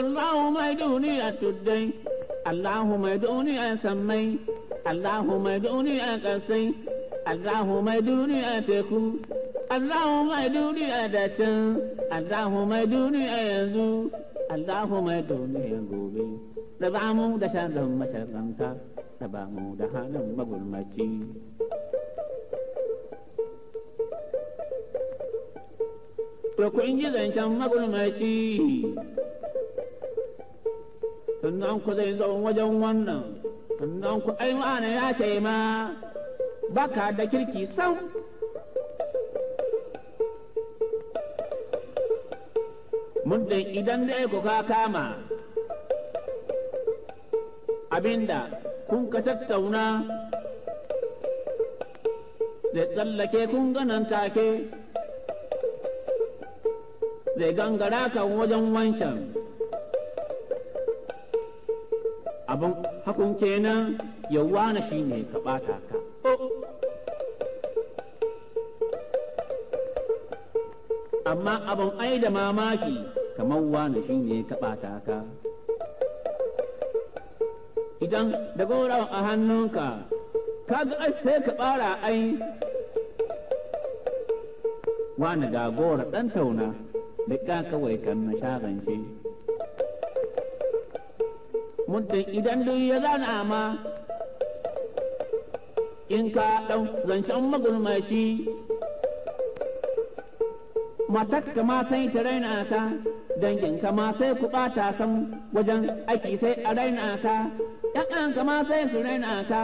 Allahu mai duniya tuddai, Allahu mai duniya sammai, Allahu mai duniya ƙasai, Allahu mai duniya teku, Allahu mai duniya da can, Allahu mai yanzu, Allahu mai duniya gobe. Raba mu da sharrin masharranta, raba mu da halin magulmaci. To kun ji zancen magulmaci. sannan ku zai zo wajen wannan sannan ku ai ma'ana ya ce ma baka da kirki sam muddin idan dai ku ka kama abinda kun ka tattauna zai tsallake kun ganan take zai gangara kan wajen wancan abin hakun kenan yawwa na shine ka ɓata ka amma abin ai da mamaki kamar wani shi ne ka ɓata ka idan da goron a hannunka ka ga sai ka ɓara ai wani ga ɗan tauna da kawai kan na shagance. mutum idan duk ya zana ma in ka ɗau zancen magulmaci matakka ma sai ta raina ka danginka ma sai ku ɓata san wajen aiki sai a raina ka Ƴan'anka ma sai su raina aka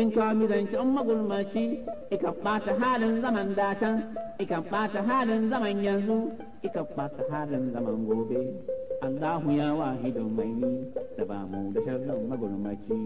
in ka an magulmaci ikan ɓata halin zaman datan ikan ɓata halin zaman yanzu ikan ɓata halin zaman gobe Allahu ya wahidun mai ni da ba mu da sharrin magulmaci.